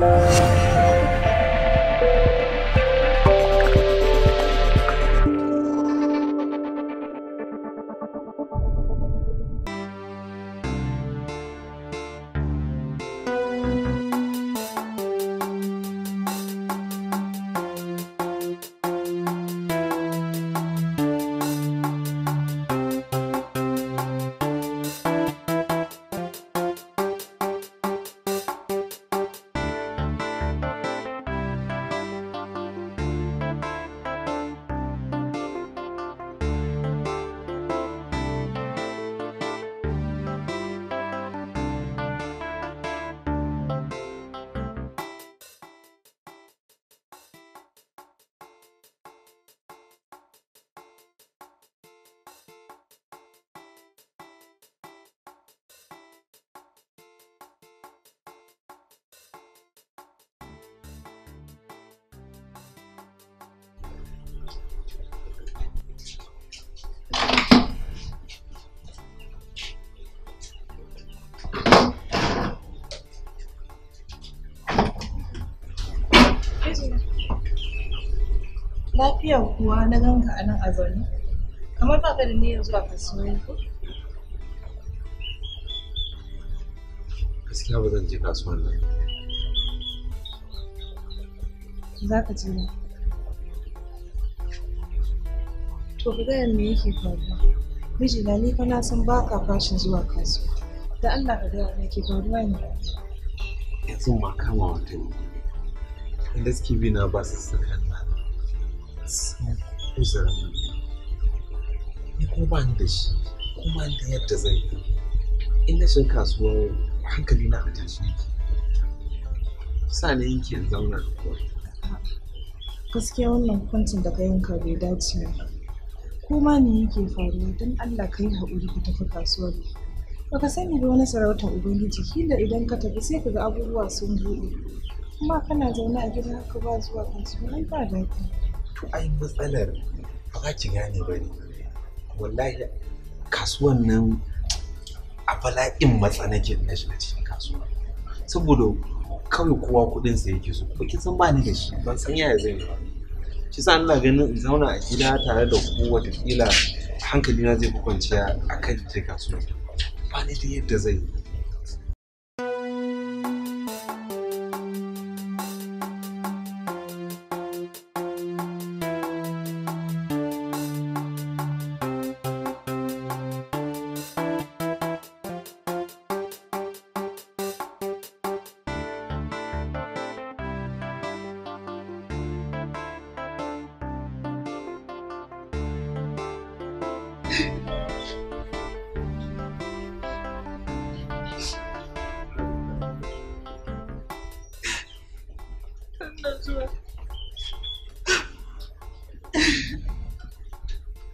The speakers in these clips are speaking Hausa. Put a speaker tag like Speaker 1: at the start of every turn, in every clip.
Speaker 1: Thank you. Lafiya kuwa na ganka a nan a zaune. Kamar ba ka da niyyar zuwa kasuwa ko?
Speaker 2: Gaskiya ba zan je kasuwan nan.
Speaker 1: Za ka je ba. To ka gaya me yake faruwa? Mijina ni fa na san ba ka fashin zuwa kasuwa. Da Allah ka gaya me yake faruwa ne.
Speaker 3: Yanzu
Speaker 2: ma kama wata ne. Inda suke bi na ba su sakani.
Speaker 3: uzurin ni ko ba ni da shi kuma da
Speaker 2: yadda zan yi in na shiga kasuwar hankali na a tashi yake sa ne yanki in zauna da kowa
Speaker 1: gaskiya wannan kwancin da ka yanka bai dace ba ko ma me yake faruwa don Allah ka yi haƙuri ka tafi kasuwar baka sani ba wani sarautar ubangiji kila idan ka tafi sai ka ga abubuwa sun buɗe kuma kana zaune a gida haka ba zuwa kasuwa ai ba daɗi to ai
Speaker 3: matsalar ba za ki gane ba ne wallahi
Speaker 2: kasuwan nan a bala'in matsanake na shiga cikin kasuwa saboda kawai kowa kuɗin sa yake so ba kin san ba ni da shi ban san yaya zai yi ba shi sa Allah ganin in zauna a gida tare da ku wata hankali na zai fi kwanciya a kan kasuwa ba ni da yadda zai yi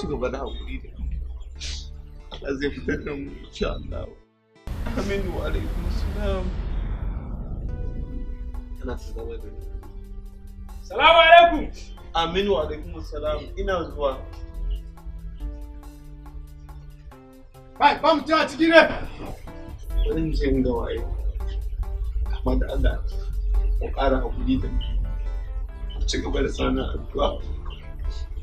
Speaker 4: ci gaba da haƙuri da Allah zai fitar da mu insha Allah amin wa alaikum salam tana
Speaker 2: ta zama da salamu alaikum amin wa alaikum salam ina
Speaker 4: zuwa Bai, ba mutum a cikin ne! Wani mutum ga waye, amma da Allah, ku ƙara haƙuri da mu. Ci gaba da sana addu'a.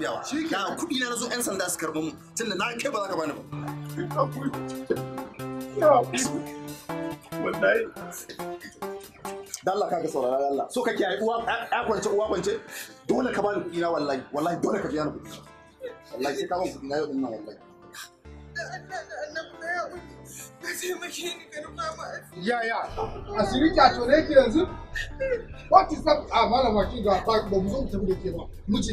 Speaker 4: tafiyawa na kuɗi na zo yan sanda su karɓi mu tunda na kai ba za ka bani ba wallahi k'a kaga saurara dalla so ka ai uwa ya kwance uwa kwance dole ka
Speaker 3: bani kuɗi na wallahi wallahi dole ka biya ni kuɗi wallahi sai ka bani kuɗi na yau din nan wallahi
Speaker 4: Yeah, yeah. A shiri kyato ne ke yanzu? What is up? Ah, malama kin ga ba mu zo mu tafi da ke ba.
Speaker 5: Mu ce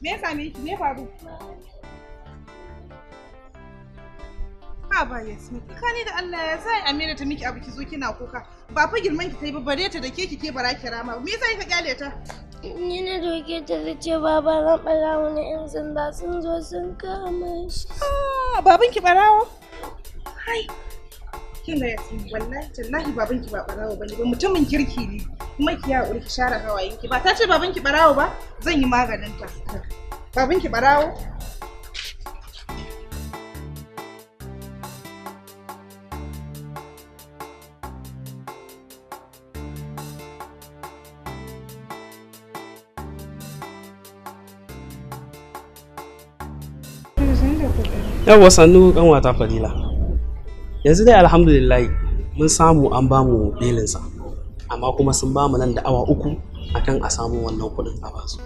Speaker 1: me ya same ki me faru ba Yasmin tsakani da Allah ya sa Amira ta miki abu ki zo kina kuka ba fa girman ki tai ba bare ta da ke ke bara kira ma me yasa ka kyale ta ni na doke ta zace baba ran barawo ne in sanda sun zo sun kama shi ah baban ki barawo hai kin Yasmin wallahi tallahi baban ki ba barawo bane ba mutumin kirki ne kuma ki ya ki share hawayen ki ba ta ce baban ki barawo ba zan yi maganin ta babin ki barawo
Speaker 5: yawwa sannu kanwata fadila yanzu dai alhamdulillah mun samu an bamu belinsa amma kuma sun bamu nan da awa uku akan a samu wannan kuɗin a basu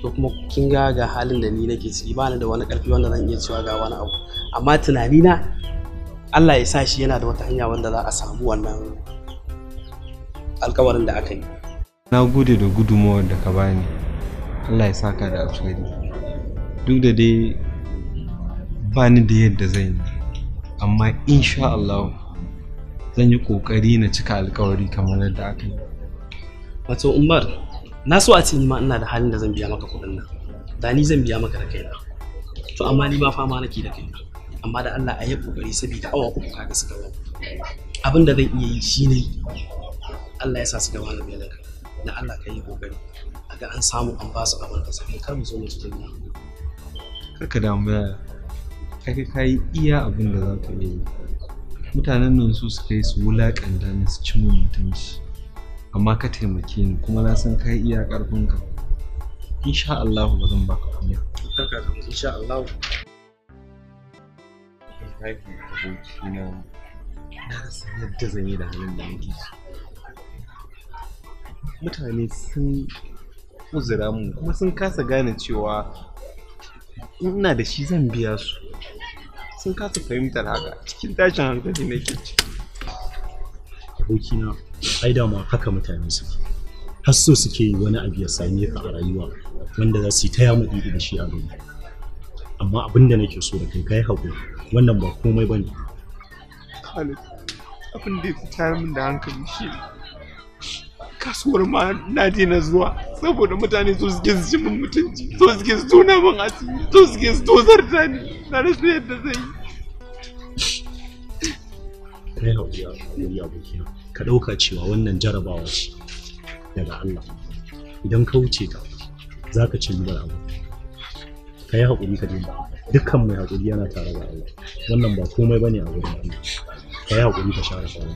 Speaker 5: to kuma kin ga ga halin da ni nake ciki ba ni da wani ƙarfi wanda zan iya cewa ga wani abu amma tunani na Allah ya sa shi yana da wata hanya wanda za a samu wannan alkawarin da aka yi
Speaker 2: na gode da gudunmawar da ka bani Allah ya saka da alkhairi duk da dai ba ni da yadda zan yi amma insha Allah zan yi ƙoƙari na cika alkawari kamar yadda aka yi
Speaker 5: wato umar na so a ce ni ma ina da halin da zan biya maka kuɗin nan da ni zan biya maka da kaina to amma ni ma fama nake da kaina amma da Allah a yi kokari saboda awa uku kaga suka wani abin da zan iya yi shine Allah ya sa su gaba da belanka na Allah ka yi kokari a ga an samu an ba su abin da sai kar mu zo mu cikin nan karka
Speaker 2: damu ya kai ka yi iya abin da za ka yi mutanen nan su suka yi su wulaƙanta ni su ci mun mutunci amma ka taimake ni kuma na san kai iya ƙarfinka insha Allahu ba zan baka kunya
Speaker 3: insha Allahu haifin
Speaker 2: abokina na san yadda zan yi da halin da nake mutane sun uzura mu kuma sun kasa gane cewa ina da shi zan biya su sun kasa fahimtar haka cikin tashin hankali nake ciki
Speaker 3: abokina ai da ma haka mutane suke har so suke wani abu ya same ka a rayuwa wanda za su yi ta yamu da shi a gaba amma abin da nake so da kai kai hako wannan ba komai bane
Speaker 4: Khalid abin da ya tayar min da hankali shi kasuwar ma na je na zuwa saboda mutane su suke su min mutunci su suke su tona min asiri su suke su tozar ta ni na rasa yadda zai yi
Speaker 3: kai haƙuri a abokina. ka ɗauka cewa wannan jarabawa ce daga Allah idan ka wuce ta za ka ci ribar abu ka yi haƙuri ka dinga dukkan mai haƙuri yana tare da Allah wannan ba komai bane a wurin Allah ka yi haƙuri ka share sauran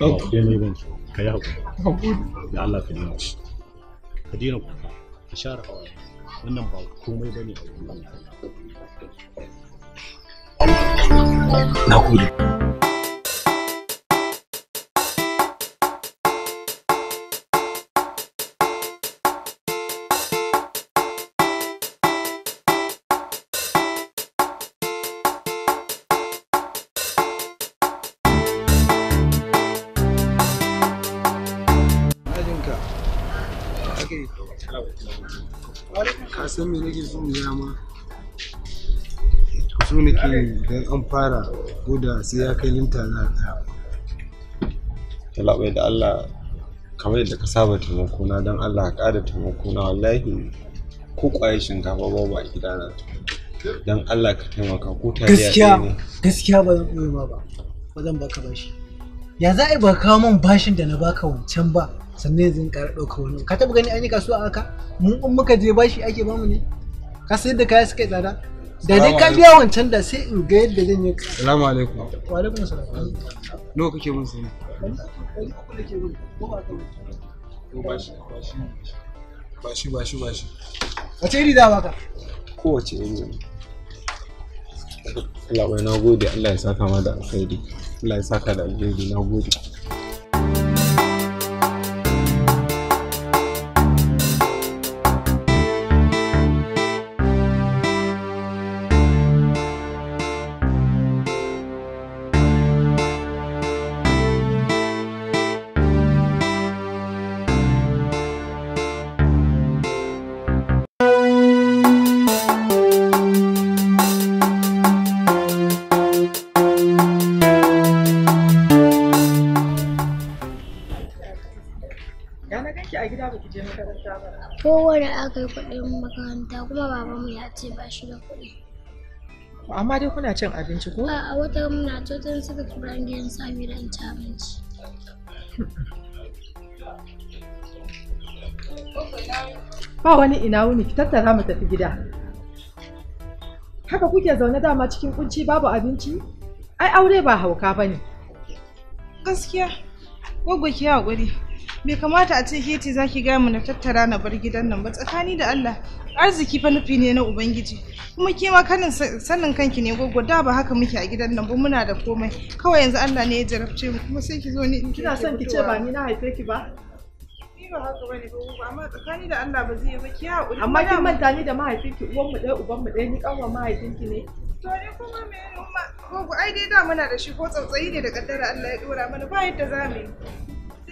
Speaker 3: ba komai bane ka yi haƙuri da Allah ka dinga ka dinga kuka ka share hawa wannan ba komai bane a wurin Allah na gode
Speaker 4: ingiza
Speaker 2: ma su nake idan an fara ko da sai ya kai linta za a talabai da Allah kamar yadda ka saba taimako na don Allah ka ƙara taimako na wallahi ko ƙwayar shinkafa babu a gidana don Allah ka taimaka ko ta gaskiya
Speaker 3: gaskiya ba zan koyi ba ba zan baka bashi
Speaker 2: ya za a yi ba kawo min bashin da na baka wancan ba sannan zan in ƙara ɗauka wani ka taɓa gani an yi kasuwa aka? mun in muka je bashi ake bamu ne ka yadda da kaya suka yi tsada da dai ka biya wancan da sai in ga yadda zan yi salamu alaikum wa alaikum salam nawa kake mun sani
Speaker 3: bashi bashi bashi wace iri da baka
Speaker 2: kowace iri
Speaker 4: Allah na gode Allah ya saka ma da alkhairi Allah ya saka da alkhairi na gode
Speaker 1: makaranta ba kowane aka yi kuɗin makaranta kuma babanmu ya ce ba shi da kuɗi amma dai kuna cin abinci ko a wata muna totan suka tura gidan sami da ci abinci ba wani ina wuni ki tattara mu tafi gida haka kuke zaune dama cikin kunci babu abinci ai aure ba hauka bane gaskiya gwaggo ki haƙuri bai kamata a ce ke ce ki gaya mu na tattara na bar gidan nan ba tsakani da Allah arziki fa nufi ne na ubangiji kuma ke ma kanin sannan kanki ne gogo da ba haka muke a gidan nan ba muna da komai kawai yanzu Allah ne ya jarabce mu kuma sai ki zo ni kina son ki ce ba ni na haife ki ba Ni ba haka bane ba amma tsakani da Allah ba zai yi ba ki haƙuri amma kin manta ni da mahaifinki uwan mu ɗaya uban mu ɗaya ni ƙanwar mahaifinki ne to ne kuma me umma gogo ai dai da muna da shi ko tsautsayi ne da kaddara Allah ya dora mana ba yadda za mu yi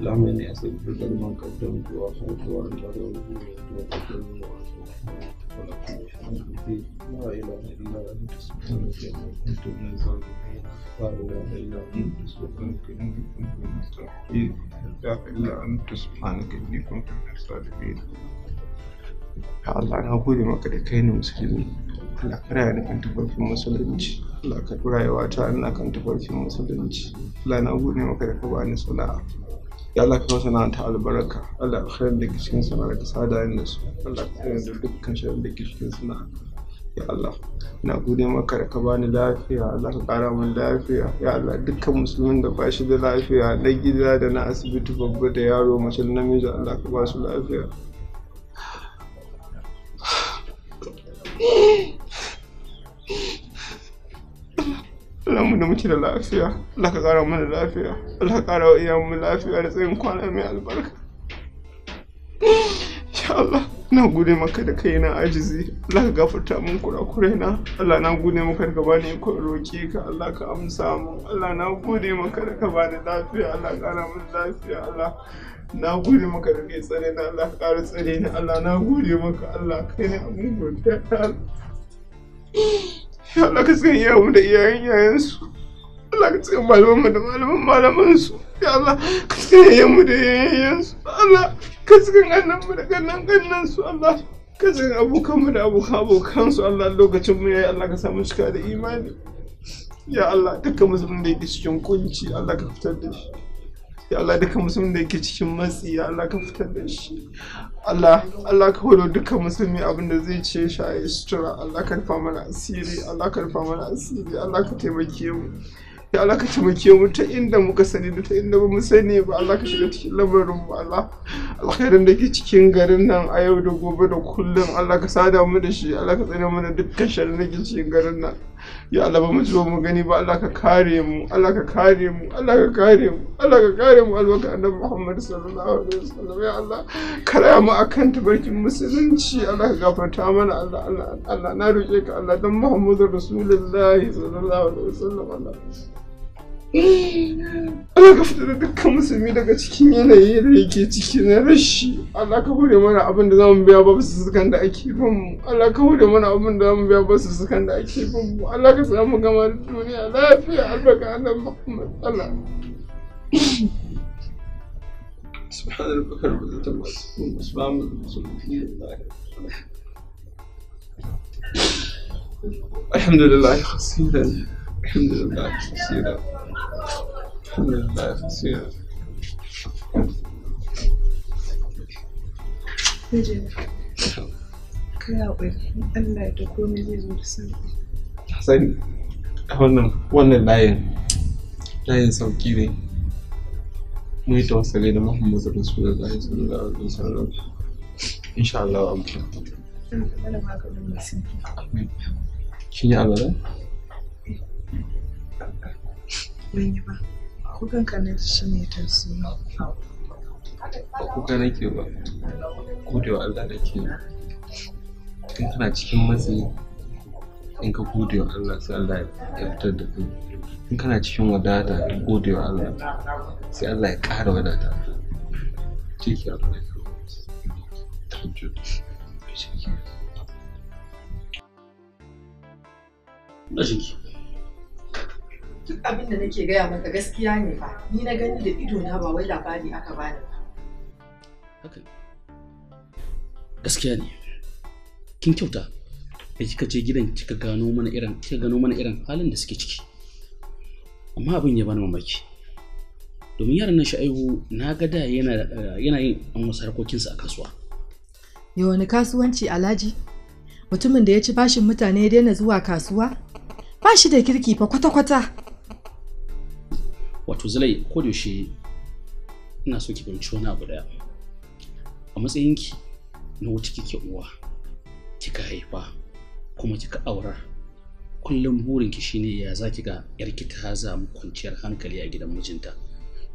Speaker 2: lamin ya sabu da man ka don zuwa kan zuwa da da wani zuwa da da wani zuwa da da wani zuwa
Speaker 4: da da wani zuwa da da wani zuwa da da wani zuwa da da wani zuwa da da wani zuwa da da wani zuwa da da wani zuwa da da wani zuwa da da wani zuwa da da wani zuwa da da Allah na gode maka da kai ne musulmi Allah ka raya da kan tafarkin musulunci Allah ka rayuwa ta da kan tafarkin musulunci Allah na gode maka da ka bani sana'a ya Allah ka sana ta albarka Allah alkhairin da cikin sana da sada yin da su Allah alkhairin da dukkan shirin da cikin sana ya Allah na gode maka da ka bani lafiya Allah ka kara min lafiya ya Allah dukkan musulmin da ba shi da lafiya na gida da na asibiti babba da yaro mace da namiji Allah ka ba su lafiya mu da muke da lafiya Allah ka kara mana lafiya Allah ka kara wa mu lafiya da tsayin kwana mai albarka Ya Allah na gode maka da kai na ajizi Allah ka gafarta min kurakurai na Allah na gode maka da ka bani ikon roƙi ka Allah ka amsa mu Allah na gode maka da ka bani lafiya Allah ka kara da lafiya Allah na gode maka da kai tsare na Allah ka kara tsare na Allah na gode maka Allah kai ne abin godiya Allah ka san iyayenmu da iyayen iyayensu Allah ka san malamanmu da malaman malamansu ya Allah ka san iyayenmu da iyayen iyayensu Allah ka san kannanmu da kannan kannansu Allah ka san abokanmu da abokan abokansu Allah lokacin mu yayi Allah ka samu cika da imani ya Allah dukkan musulmi da yake cikin kunci Allah ka fitar da shi ya Allah duka musulmin da yake cikin matsi ya Allah ka fitar da shi Allah Allah ka horo duka musulmi abin da zai ce shi a sutura Allah ka rufa mana asiri Allah ka rufa mana asiri Allah ka taimake mu ya Allah ka taimake mu ta inda muka sani da ta inda ba mu sani ba Allah ka shiga cikin lamarin mu Allah alkhairin da ke cikin garin nan a yau da gobe da kullum Allah ka sada mu da shi Allah ka tsare mu da dukkan sharri da ke cikin garin nan ya Allah ba mu ji mu gani ba Allah ka kare mu Allah ka kare mu Allah ka kare mu Allah ka kare mu albaka annabi Muhammad sallallahu alaihi wasallam ya Allah karaya mu akan tabarkin musulunci Allah ka gafarta mana Allah Allah Allah na roke ka Allah dan Muhammadu Rasulullahi sallallahu alaihi wasallam Allah Allah ka fitar da dukkan musulmi daga cikin yanayi da yake ciki na rashi Allah ka hore mana abin da zamu biya ba su sukan da ake bin mu Allah ka hore mana abin da zamu biya ba su sukan da ake bin mu Allah ka samu gama da duniya lafiya albarka Allah Muhammad Allah سبحان ربك رب العزة عما يصفون وسلام على المرسلين الحمد لله خسيرا Alhamdulillah kasira. Alhamdulillah kasira.
Speaker 1: da sauƙi.
Speaker 2: Sani, wannan sauƙi ne. Mun yi da Muhammadu Rasulullahi sallallahu alaihi wasallam. Insha Allah wa
Speaker 1: Wani ba, kukan ka na shi ne ta suna.
Speaker 2: Ba kuka nake ba, gode wa Allah nake yi. In kana cikin matsi, in ka gode wa Allah sai Allah ya fitar da kai. In kana cikin wadata, in gode wa Allah sai Allah ya ƙara wadata. Take
Speaker 1: care.
Speaker 3: Thank you. Thank you. Thank you.
Speaker 1: duk abin da nake gaya maka gaskiya ne fa ni na gani da ido na ba wai labari aka bani
Speaker 5: ba gaskiya ne kin kyauta da kika je gidan kika gano mana irin kika gano mana irin halin da suke ciki amma abin ya bani mamaki domin yaran nan sha'ibu na ga da yana yana yin an wasu harkokinsa a kasuwa
Speaker 1: ya wani kasuwanci alhaji mutumin da ya ci bashin mutane ya daina zuwa kasuwa ba shi da kirki fa kwata-kwata
Speaker 5: wato zalai ko da yaushe ina so ki fahimci wani abu daya a matsayinki na wuce kike uwa kika haifa kuma kika aurar kullum burinki shine ya za ki ga yarki ta zamu kwanciyar hankali a gidan mijinta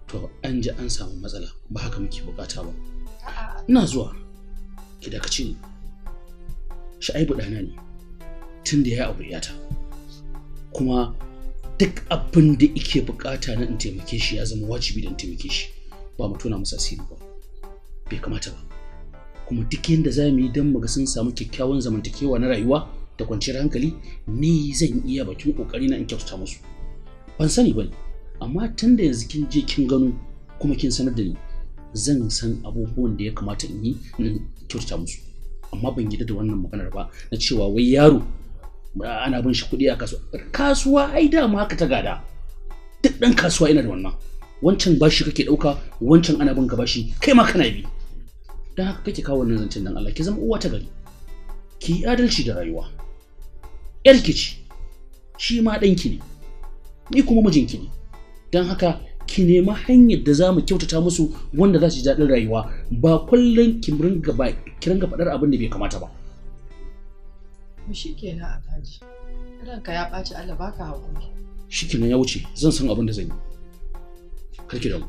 Speaker 5: to an ji an samu matsala ba haka muke bukata ba ina zuwa ki dakace shi sha'ibu ɗana ne tun da ya aure ta kuma duk abin da ike bukata na in taimake shi ya zama wajibi da in taimake shi ba mu tona masa asiri ba bai kamata ba kuma duk yadda za mu yi don mu ga sun samu kyakkyawan zamantakewa na rayuwa da kwanciyar hankali ni zan iya bakin kokari na in kyautata musu ban sani ba amma tun da yanzu kin je kin gano kuma kin sanar da ni zan san abubuwan da ya kamata in yi in kyautata musu amma ban yi da wannan maganar ba na cewa wai yaro ana bin shi kuɗi a kasuwa kasuwa ai dama haka ta gada duk ɗan kasuwa yana da wannan wancan bashi kake ɗauka wancan ana bin ka bashi kai ma kana bi dan haka kake kawo wannan zancen dan Allah ki zama uwa ta gari ki yi adalci da rayuwa yar ki ci shi ma ki ne ni kuma mijinki ne dan haka ki nemi hanyar da za mu kyautata musu wanda za su ji daɗin rayuwa ba kullum ki ringa faɗar abin da bai kamata ba.
Speaker 1: To shi kenan Alhaji. Ranka ya ɓaci Allah baka haƙuri.
Speaker 5: Shi kenan ya wuce zan san abin da zan yi. Karki da mu.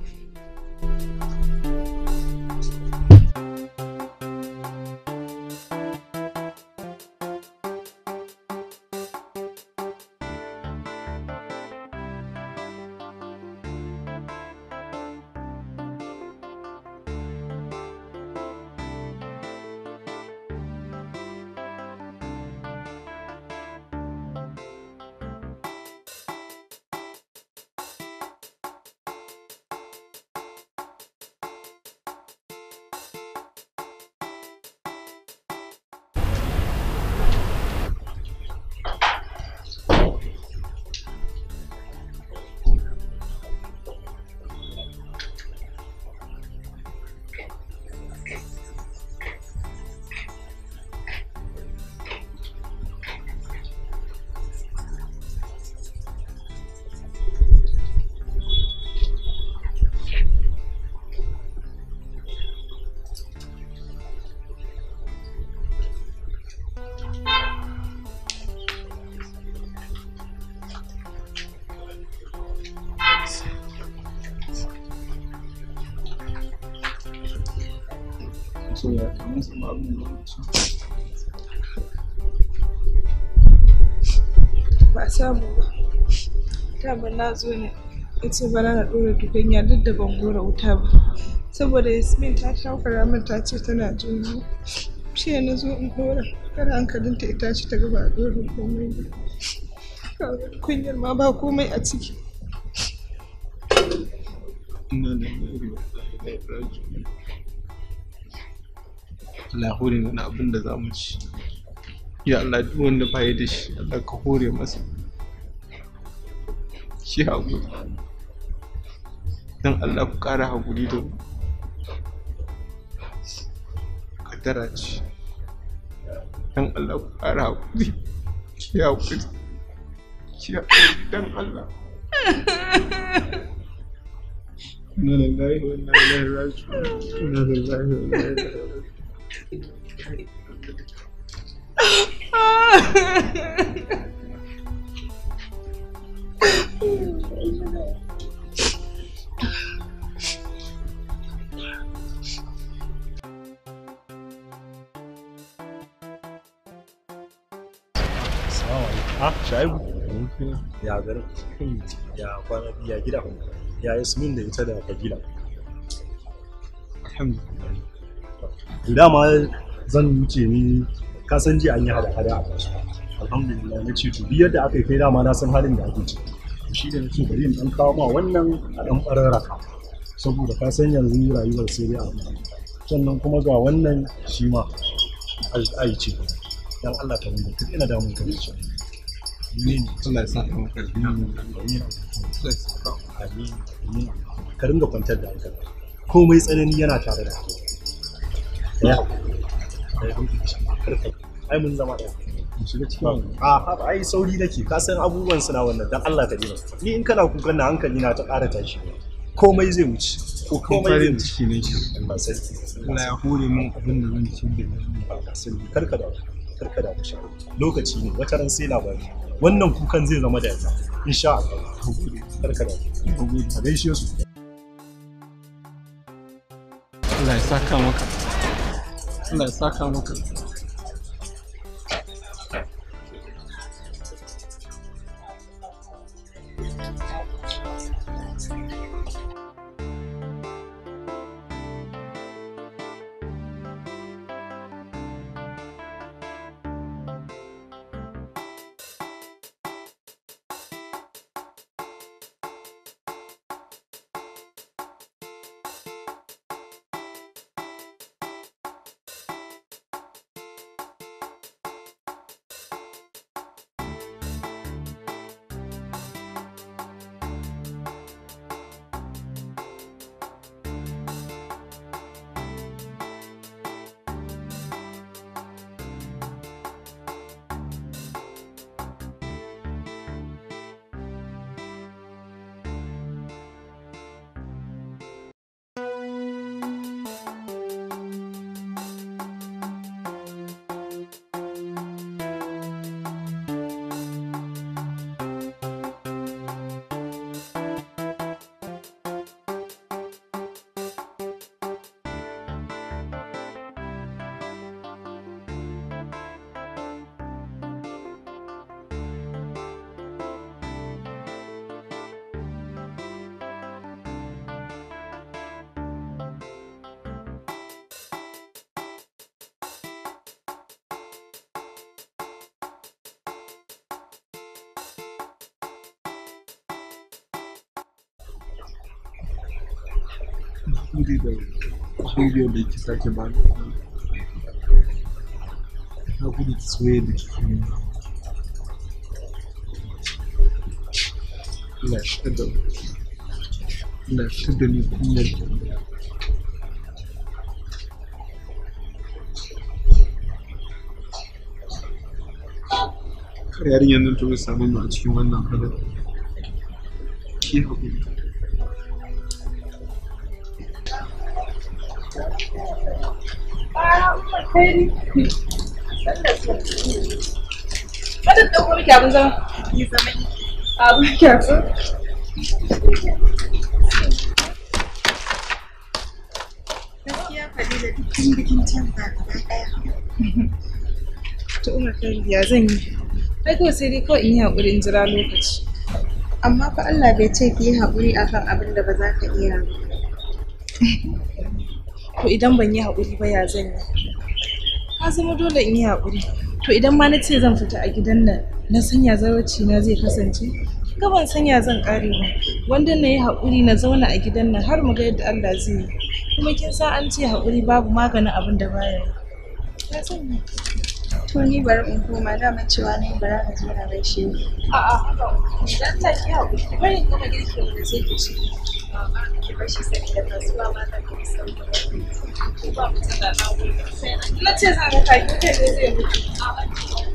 Speaker 1: ba samu ba dama na zo ne in ce bana na ɗora tukunya duk da ban gora wuta ba saboda yasmin ta shafara min ta ce tana jin shi ya zo in ɗora kada hankalinta ita ce ta gaba a ɗora komai ba kunyar ma ba komai a ciki
Speaker 4: Allah hore abin da za mu ci ya Allah duk wanda baya da shi Allah ka hore masa shi haƙuri don Allah ku ƙara haƙuri da mu kaddara ce don Allah ku ƙara haƙuri shi haƙuri ki haƙuri don Allah إنا لله وإنا إليه راجعون إنا لله وإنا إليه راجعون Ah,
Speaker 3: ya garin ya kwana ya gida ya yasmin da ita da fagila alhamdulillah dama zan wuce ni ka san ji an yi hada hada a kasuwa alhamdulillah na ce to duk yadda aka yi kai dama na san halin da ake ciki shi da nake bari in dan kawo ma wannan a dan bararraka saboda ka san yanzu rayuwar sai dai amma sannan kuma ga wannan shi ma ai ce dan Allah ta wanda duk ina damun kai shi amin Allah ya sa ka maka amin amin ka ringa kwantar da hankali komai tsanani yana tare da kai ai mun zama ɗaya shiga cikin a ah, ai sauri nake ka san abubuwan suna wannan don Allah ta dina ni in kana kukan na hankali na ta ƙara tashi komai zai wuce komai zai wuce ne ki Allah ya hore min abin da zan ci da ni karka da karka da shi lokaci ne wata ran sai labari wannan kukan zai zama da yasa insha Allah karka da ka gaishe su Allah ya saka maka 是买啥看我？hakuri da kuriyar da
Speaker 2: ki sake ba ni na gudu ki soye da ki kuma ina fitar da ina fitar da ni kunyar kar yarinyar nan ta samu mu a cikin wannan halin ke hakuri
Speaker 1: alkhairi sanda su gaskiya fadila dukkan bikin can ba ya zan yi ai kawai sai dai kawai in yi haƙuri in jira lokaci amma fa Allah bai ce ki yi haƙuri akan abin da ba za ka iya ba to idan ban yi haƙuri ba ya zan yi ya zama dole in yi haƙuri to idan ma na ce zan fita a gidan nan na sanya zawarci na zai kasance ban sanya zan ƙare ba wanda na yi hakuri na zauna a gidan nan har mu ga yadda Allah zai yi kuma kin san an ce haƙuri babu maganin abin da baya ya sanya to ni bari in koma dama cewa na zo na gaishe ni a'a dan ta ki hawo bari in gama girki wanda sai ki ci ki bar shi sai da kasuwa ma ta ki san ko ba mu tsada na wuri sai na ce za ka kai ki ne zai mutu a'a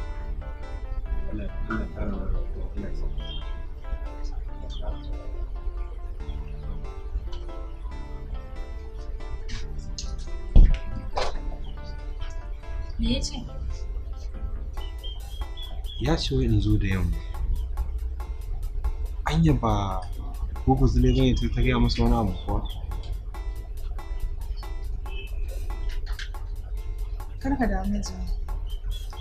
Speaker 1: Me ya ce?
Speaker 2: Ya ce in zo da yamma. Anya ba Gugu zule ba ya ta gaya masa wani abu
Speaker 4: kuwa.
Speaker 1: Kar ka damu jini.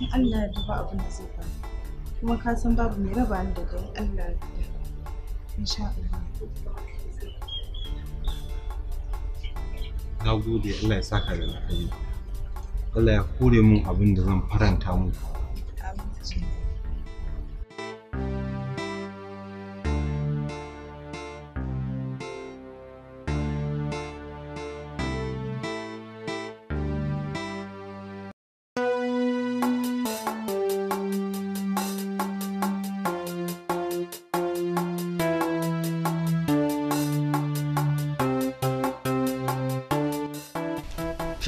Speaker 1: In Allah ya duba abin da zai faru. kuma ka san babu mai raba ni da kai Allah ya insha Allah
Speaker 2: na gode Allah ya saka da alheri Allah ya kore mun abin da zan faranta muku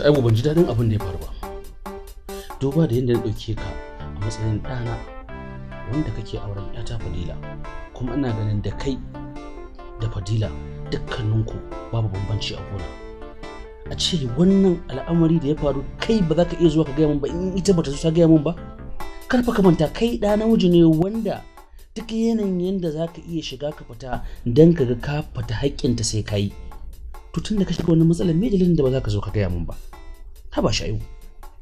Speaker 5: Shu'aibu ban ji daɗin abin da ya faru ba. Duba da yadda na ɗauke ka a matsayin ɗana wanda kake auren 'yata Fadila kuma ina ganin da kai da Fadila dukkaninku babu bambanci a gona. A ce wannan al'amari da ya faru kai ba za ka iya zuwa ka gaya min ba in ita bata ta gaya min ba. Karfa ka manta kai ɗa namiji ne wanda duk yanayin yadda za ka iya shiga ka fita don ka ga ka fita haƙƙinta sai ka yi. To tun da ka shiga wani matsalar me dalilin da ba za ka zo ka gaya min ba. ta ba shayu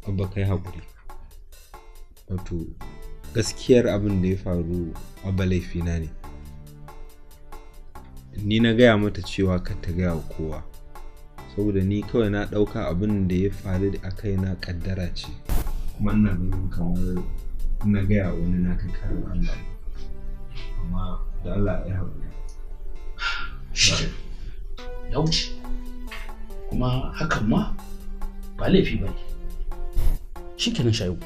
Speaker 2: abba kai hakuri wato gaskiyar abin da ya faru abba laifina ne ni na gaya mata cewa kar ta gaya wa kowa saboda ni kawai na ɗauka abin da ya faru a kai na ƙaddara ce kuma ina ganin kamar na gaya wani na kai karin Allah
Speaker 5: amma da Allah ya haƙuri ya wuce kuma hakan ma ba laifi ba ne shi shayu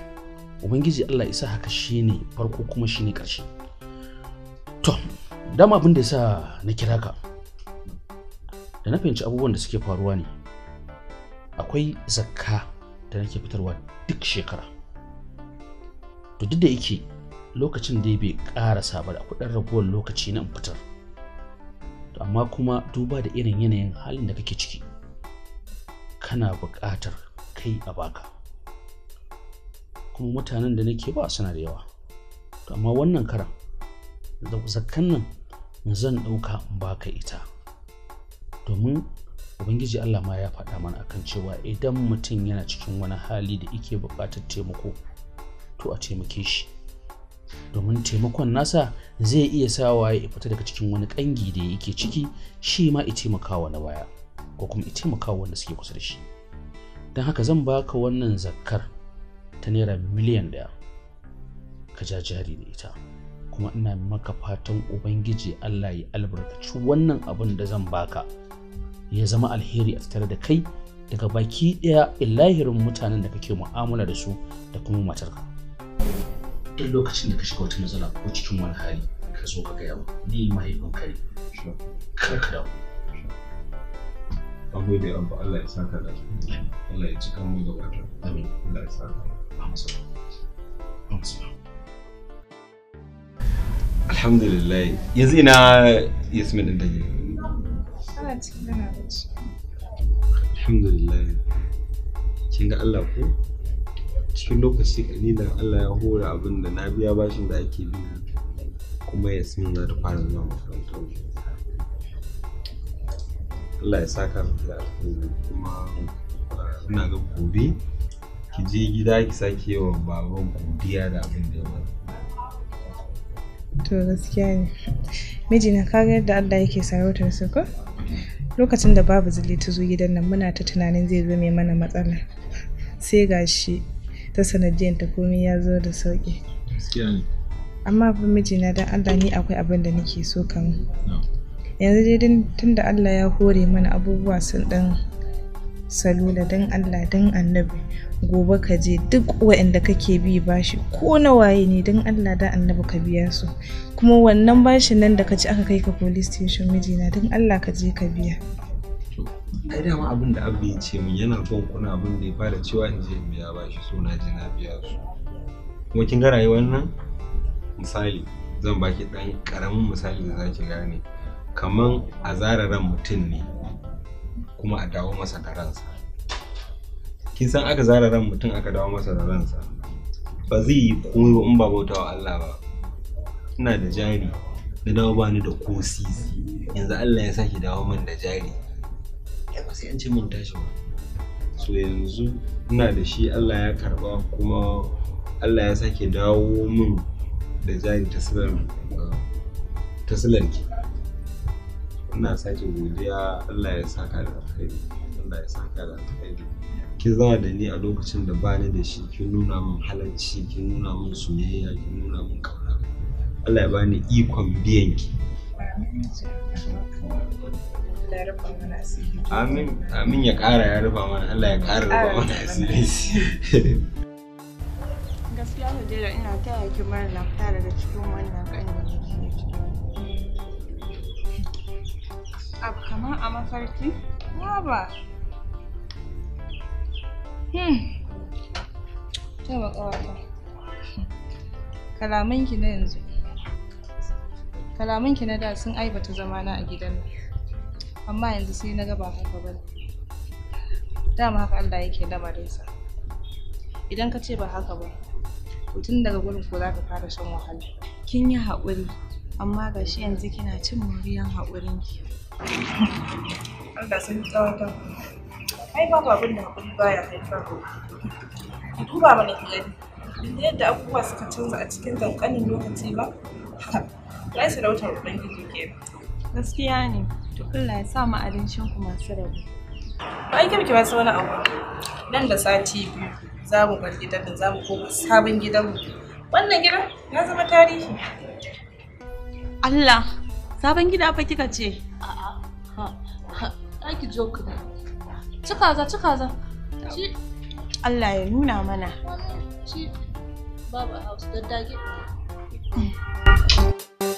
Speaker 5: ubangiji allah isa haka shi shine farko kuma shine ƙarshe to dama abin da ya sa na kira ka da na fahimci abubuwan da suke faruwa ne akwai zakka da nake fitarwa duk shekara to duk da yake lokacin da bai ƙarasa ba da kudin raguwar lokaci na fitar amma kuma duba da irin yanayin halin da kake ciki kana buƙatar kai a baka kuma mutanen da nake ba suna da yawa to amma wannan karan da zakkan nan zan ɗauka in baka ita domin ubangiji allah ma ya faɗa mana akan cewa idan mutum yana cikin wani hali da ike buƙatar taimako to a taimake shi domin taimakon nasa zai iya sawa ya fita daga cikin wani ƙangi da yake ciki shi ma taimaka taimakawa na baya ko kuma ya taimakawa wanda suke kusa da shi don haka zan baka wannan zakkar ta naira miliyan ɗaya ka ja jari da ita kuma ina maka fatan ubangiji allah ya albarkaci wannan abin da zan baka ya zama alheri a tattare da kai daga baki ɗaya illahirin mutanen da kake mu'amala da su da kuma matar ka. duk lokacin da ka shiga wata matsala ko cikin wani hali ka zo ka gaya ni mahaifin kare kar ka dawo.
Speaker 2: a gode abu Allah ya saka da Allah ya cika mu gabata amin Allah ya saka alhamdulillah yanzu ina yasmin din da alhamdulillah kin ga Allah ko cikin lokaci kalilan Allah ya hora abin da na biya bashin da ake bi kuma yasmin za ta fara zuwa makaranta Allah ya saka miki da alheri kuma ina ga gobe ki je gida ki sake wa baban godiya da abin da ya mana
Speaker 1: to gaskiya ne mijina ka ga yadda Allah yake sarautar su ko lokacin da babu zille ta zo gidan nan muna ta tunanin zai zo mai mana matsala sai gashi ta sanadiyar ta komai ya zo da sauki amma fa mijina dan Allah ni akwai abin da nake so kan yanzu dai tun da allah ya hore mana abubuwa sun dan salula don allah don annabi gobe ka je duk waɗanda kake bi bashi ko na waye ne don allah da annabi ka biya su kuma wannan bashi nan da ka ci aka kai ka police station mijina don allah ka je ka biya
Speaker 2: ai dama abin da abin ya ce min yana ban kuna abin da ya fara cewa in je in biya bashi so na je na biya su kuma kin ga rayuwar nan misali zan baki dan ƙaramin misali da za ki gane kaman a zara ran mutum ne kuma a dawo masa da ransa kin san aka zara ran mutum aka dawo masa da ransa ba zai yi koyo in ba bauta wa Allah ba ina da jari na dawo ba ni da ko sisi yanzu Allah ya sake dawo min da jari Ya ba sai an ce mun tashi ba so yanzu ina da shi Allah ya karba kuma Allah ya sake dawo min da jari ta silar ta silar ki ina sake godiya Allah ya saka da alkhairi Allah ya saka da alkhairi ki zama da ni a lokacin da ba ni da shi Ki nuna min halarci ki nuna min soyayya ki nuna min kauna Allah ya bani ikon biyan ki
Speaker 3: Amin amin ya ƙara ya rufa mana Allah ya ƙara rufa mana asiri
Speaker 1: Gaskiya Hajjira ina taya ki mara lafiya daga cikin wannan ƙanjin da ke abu kamar a mafarki ba hmm taɓa ƙawata kalamanki na yanzu kalamanki na da sun aibata zamana a gidan amma yanzu sai na ga ba haka ba dama haka Allah yake lamarinsa idan ka ce ba haka ba to tun daga gurin ko za ka fara shan wahala kin yi haƙuri amma ga shi yanzu kina cin moriyan haƙurinki Allah sun tsawata ai babu abin da haƙuri baya haifarwa ki ba mana ki gani duk yadda abubuwa suka canza a cikin ƙanƙanin lokaci ba ya sarautar ubangiji ke. gaskiya ne to Allah ya sa mu abincin ku masu rabu ai kirki ba wani abu nan da sati biyu za mu bar gidan da za mu koma sabon gidanmu wannan gidan ya zama tarihi Allah sabon gida fa kika ce a'a ha ki jo ku cika za cika za Ci. Allah ya nuna mana ci baba house daddage Thank mm.